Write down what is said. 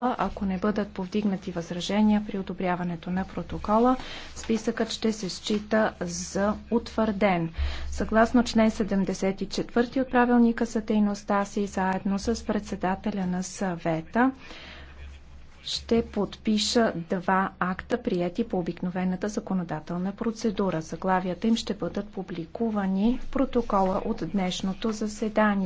Ако не бъдат повдигнати възражения при одобряването на протокола, списъкът ще се счита за утвърден. Съгласно член 74 от правилника за дейността си, заедно с председателя на съвета, ще подпиша два акта, прияти по обикновената законодателна процедура. Заглавията им ще бъдат публикувани в протокола от днешното заседание.